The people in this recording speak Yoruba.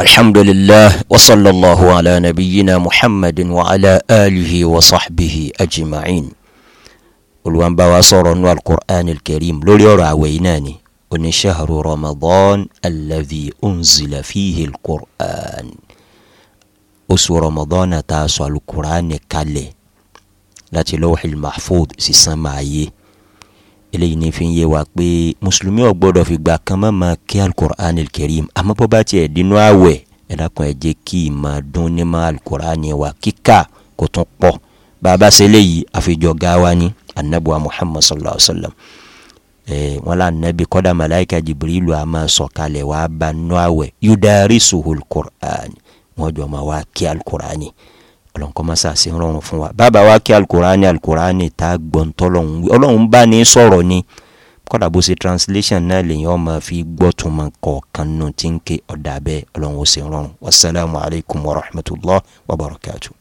الحمد لله وصلى الله على نبينا محمد وعلى آله وصحبه أجمعين olùwàn bá wa sọ̀rọ̀ nù alukur'an kẹrìm lórí ọ̀rọ̀ àwẹ̀ yìí náà ni oní sahru ramadan alladhi unzila fihi alukur'an oṣù ramadan ta sọ alukur'an kalẹ̀ láti lọ́wọ́ xil mahfud sísan máa yé. Si eléyìí ní fi ń yé wa pé mùsùlùmí ò gbọ́dọ̀ fìgbà kan má máa kí alukur'an kẹrìm àmọ́ bó bá tiẹ̀ dínú àwẹ̀ ẹ dákun ẹ jẹ́ kí ìmọ̀ dún ní ma alukur'an wa kíkà kò tún pọ̀ bàbá ṣe léyìí àfijọ́ gáwa ní anabuwa muhammad sallallahu alaihi wa sallam wọn là nàbí kọ́dà màláìka jibrilu a máa sọ̀kalẹ̀ wàá ba nù àwẹ̀ yudari suhul kur'an wọn jọ ma wá kí alukur'an yìí ọlọ́nkọ́mọ́sá sí rọrùn fún wa bàbá wa kí alukurani alukurani ta gbọ́ntọ́lọ́hún ọlọ́run bá ní sọ̀rọ̀ ni kọ́dà bó ṣe translation náà lèyìn ọmọ fi gbọ́tùmọ̀ kọ̀ọ̀kan nù tí ń ké ọ̀dà bẹ́ẹ̀ ọlọ́run ó sì rọrùn wasalaamualeykum wa rahmatulah wa barakatuh.